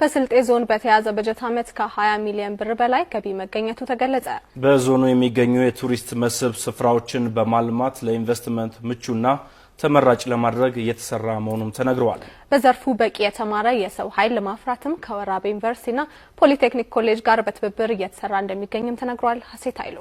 በስልጤ ዞን በተያዘ በጀት ዓመት ከ20 ሚሊዮን ብር በላይ ገቢ መገኘቱ ተገለጸ። በዞኑ የሚገኙ የቱሪስት መስህብ ስፍራዎችን በማልማት ለኢንቨስትመንት ምቹና ተመራጭ ለማድረግ እየተሰራ መሆኑም ተነግረዋል። በዘርፉ በቂ የተማረ የሰው ኃይል ለማፍራትም ከወራቤ ዩኒቨርሲቲና ፖሊቴክኒክ ኮሌጅ ጋር በትብብር እየተሰራ እንደሚገኝም ተነግሯል። ሀሴት አይሉ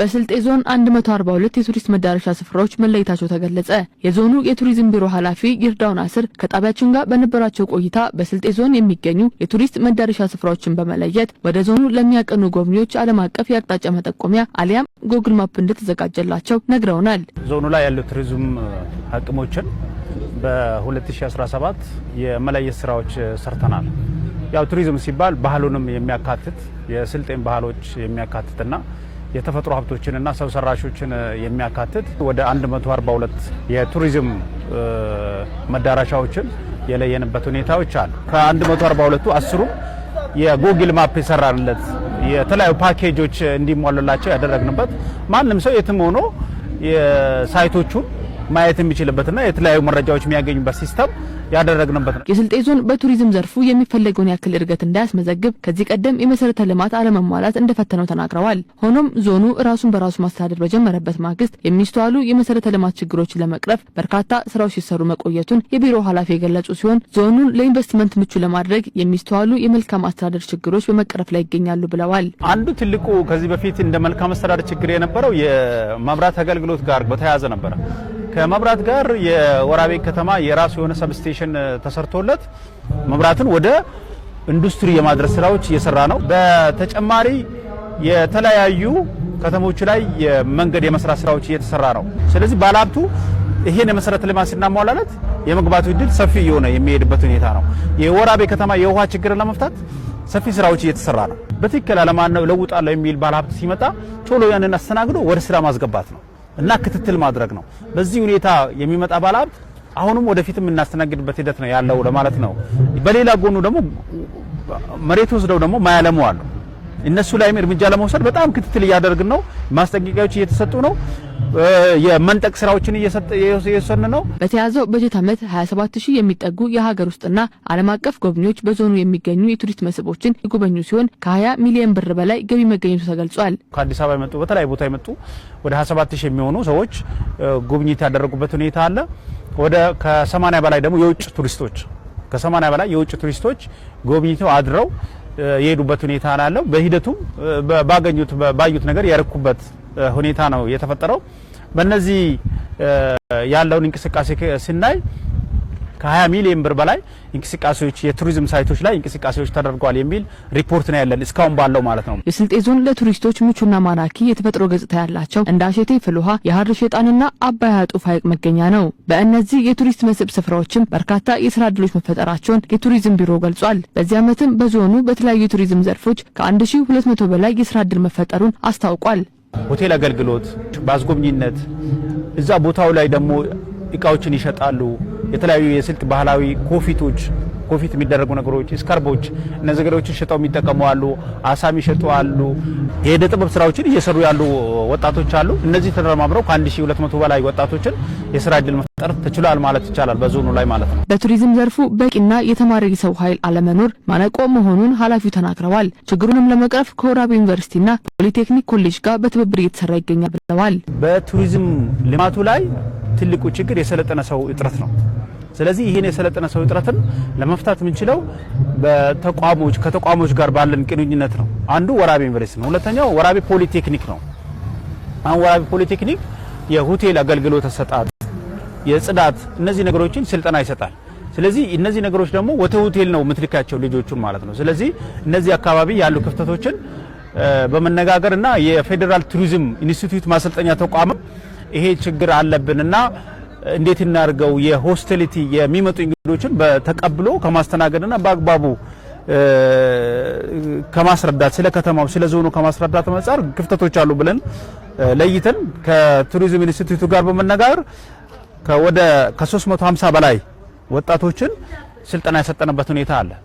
በስልጤ ዞን 142 የቱሪስት መዳረሻ ስፍራዎች መለየታቸው ተገለጸ። የዞኑ የቱሪዝም ቢሮ ኃላፊ ይርዳውን አስር ከጣቢያችን ጋር በነበራቸው ቆይታ በስልጤ ዞን የሚገኙ የቱሪስት መዳረሻ ስፍራዎችን በመለየት ወደ ዞኑ ለሚያቀኑ ጎብኚዎች ዓለም አቀፍ የአቅጣጫ መጠቆሚያ አሊያም ጎግል ማፕ እንደተዘጋጀላቸው ነግረውናል። ዞኑ ላይ ያሉ ቱሪዝም አቅሞችን በ2017 የመለየት ስራዎች ሰርተናል። ያው ቱሪዝም ሲባል ባህሉንም የሚያካትት የስልጤን ባህሎች የሚያካትትና የተፈጥሮ ሀብቶችንና ሰው ሰራሾችን የሚያካትት ወደ 142 የቱሪዝም መዳረሻዎችን የለየንበት ሁኔታዎች አሉ። ከ142ቱ አስሩ የጉግል ማፕ የሰራንለት የተለያዩ ፓኬጆች እንዲሟሉላቸው ያደረግንበት ማንም ሰው የትም ሆኖ ሳይቶቹን ማየት የሚችልበትና የተለያዩ መረጃዎች የሚያገኙበት ሲስተም ያደረግንበት ነው። የስልጤ ዞን በቱሪዝም ዘርፉ የሚፈለገውን ያክል እድገት እንዳያስመዘግብ ከዚህ ቀደም የመሰረተ ልማት አለመሟላት እንደፈተነው ተናግረዋል። ሆኖም ዞኑ ራሱን በራሱ ማስተዳደር በጀመረበት ማግስት የሚስተዋሉ የመሰረተ ልማት ችግሮችን ለመቅረፍ በርካታ ስራዎች ሲሰሩ መቆየቱን የቢሮ ኃላፊ የገለጹ ሲሆን ዞኑን ለኢንቨስትመንት ምቹ ለማድረግ የሚስተዋሉ የመልካም አስተዳደር ችግሮች በመቀረፍ ላይ ይገኛሉ ብለዋል። አንዱ ትልቁ ከዚህ በፊት እንደ መልካም አስተዳደር ችግር የነበረው የመብራት አገልግሎት ጋር በተያያዘ ነበረ። ከመብራት ጋር የወራቤ ከተማ የራሱ የሆነ ሰብስቴሽን ተሰርቶለት መብራትን ወደ ኢንዱስትሪ የማድረስ ስራዎች እየሰራ ነው። በተጨማሪ የተለያዩ ከተሞች ላይ የመንገድ የመስራት ስራዎች እየተሰራ ነው። ስለዚህ ባለሀብቱ ይሄን የመሰረተ ልማት ስናሟላለት የመግባቱ እድል ሰፊ እየሆነ የሚሄድበት ሁኔታ ነው። የወራቤ ከተማ የውሃ ችግርን ለመፍታት ሰፊ ስራዎች እየተሰራ ነው። በትክክል አለማነው ለውጣለሁ የሚል ባለሀብት ሲመጣ ቶሎ ያንን አስተናግዶ ወደ ስራ ማስገባት ነው። እና ክትትል ማድረግ ነው። በዚህ ሁኔታ የሚመጣ ባለሀብት አሁንም ወደፊት የምናስተናግድበት ሂደት ነው ያለው ለማለት ነው። በሌላ ጎኑ ደግሞ መሬት ወስደው ደግሞ ማያለሙ አሉ። እነሱ ላይም እርምጃ ለመውሰድ በጣም ክትትል እያደረግን ነው። ማስጠንቀቂያዎች እየተሰጡ ነው። የመንጠቅ ስራዎችን እየወሰን ነው። በተያዘው በጀት ዓመት 27 ሺህ የሚጠጉ የሀገር ውስጥና ዓለም አቀፍ ጎብኚዎች በዞኑ የሚገኙ የቱሪስት መስህቦችን የጎበኙ ሲሆን ከ20 ሚሊዮን ብር በላይ ገቢ መገኘቱ ተገልጿል። ከአዲስ አበባ የመጡ በተለያዩ ቦታ የመጡ ወደ 27 ሺህ የሚሆኑ ሰዎች ጉብኝት ያደረጉበት ሁኔታ አለ። ወደ ከ80 በላይ ደግሞ የውጭ ቱሪስቶች ከ80 በላይ የውጭ ቱሪስቶች ጎብኝተው አድረው የሄዱበት ሁኔታ አላለው። በሂደቱም ባገኙት ባዩት ነገር ያርኩበት ሁኔታ ነው የተፈጠረው። በእነዚህ ያለውን እንቅስቃሴ ስናይ ከ20 ሚሊዮን ብር በላይ እንቅስቃሴዎች የቱሪዝም ሳይቶች ላይ እንቅስቃሴዎች ተደርገዋል የሚል ሪፖርት ነው ያለን እስካሁን ባለው ማለት ነው። የስልጤ ዞን ለቱሪስቶች ምቹና ማራኪ የተፈጥሮ ገጽታ ያላቸው እንደ አሸቴ ውሃ የሀር ሸጣንና አባይ አጡፍ ሐይቅ መገኛ ነው። በእነዚህ የቱሪስት መስህብ ስፍራዎችም በርካታ የስራ እድሎች መፈጠራቸውን የቱሪዝም ቢሮ ገልጿል። በዚህ ዓመትም በዞኑ በተለያዩ የቱሪዝም ዘርፎች ከ1200 በላይ የስራ እድል መፈጠሩን አስታውቋል። ሆቴል አገልግሎት በአስጎብኝነት እዛ ቦታው ላይ ደግሞ እቃዎችን ይሸጣሉ። የተለያዩ የስልት ባህላዊ ኮፊቶች ኮፊት የሚደረጉ ነገሮች፣ ስካርቦች፣ እነዚህ ነገሮችን ሽጠው የሚጠቀሙ አሉ። አሳ የሚሸጡ አሉ። የእደ ጥበብ ስራዎችን እየሰሩ ያሉ ወጣቶች አሉ። እነዚህ ተደማምረው ከ1200 በላይ ወጣቶችን የስራ እድል መፍጠር ተችሏል ማለት ይቻላል በዞኑ ላይ ማለት ነው። በቱሪዝም ዘርፉ በቂና የተማረ የሰው ኃይል አለመኖር ማነቆ መሆኑን ኃላፊው ተናግረዋል። ችግሩንም ለመቅረፍ ከወራቤ ዩኒቨርሲቲና ፖሊቴክኒክ ኮሌጅ ጋር በትብብር እየተሰራ ይገኛል ብለዋል። በቱሪዝም ልማቱ ላይ ትልቁ ችግር የሰለጠነ ሰው እጥረት ነው። ስለዚህ ይህን የሰለጠነ ሰው እጥረትን ለመፍታት የምንችለው በተቋሞች ከተቋሞች ጋር ባለን ቅንኙነት ነው። አንዱ ወራቤ ዩኒቨርሲቲ ነው። ሁለተኛው ወራቤ ፖሊቴክኒክ ነው። አሁን ወራቤ ፖሊቴክኒክ የሆቴል አገልግሎት አሰጣጥ፣ የጽዳት እነዚህ ነገሮችን ስልጠና ይሰጣል። ስለዚህ እነዚህ ነገሮች ደግሞ ወደ ሆቴል ነው የምትልካቸው ልጆቹን ማለት ነው። ስለዚህ እነዚህ አካባቢ ያሉ ክፍተቶችን በመነጋገርና የፌዴራል ቱሪዝም ኢንስቲትዩት ማሰልጠኛ ተቋም ይሄ ችግር አለብንና እንዴት እናርገው የሆስቴሊቲ የሚመጡ እንግዶችን በተቀብሎ ከማስተናገድና በአግባቡ ከማስረዳት ስለ ከተማው ስለ ዞኑ ከማስረዳት መጻር ክፍተቶች አሉ ብለን ለይተን ከቱሪዝም ኢንስቲትዩቱ ጋር በመነጋገር ከወደ ከ350 በላይ ወጣቶችን ስልጠና የሰጠንበት ሁኔታ አለ።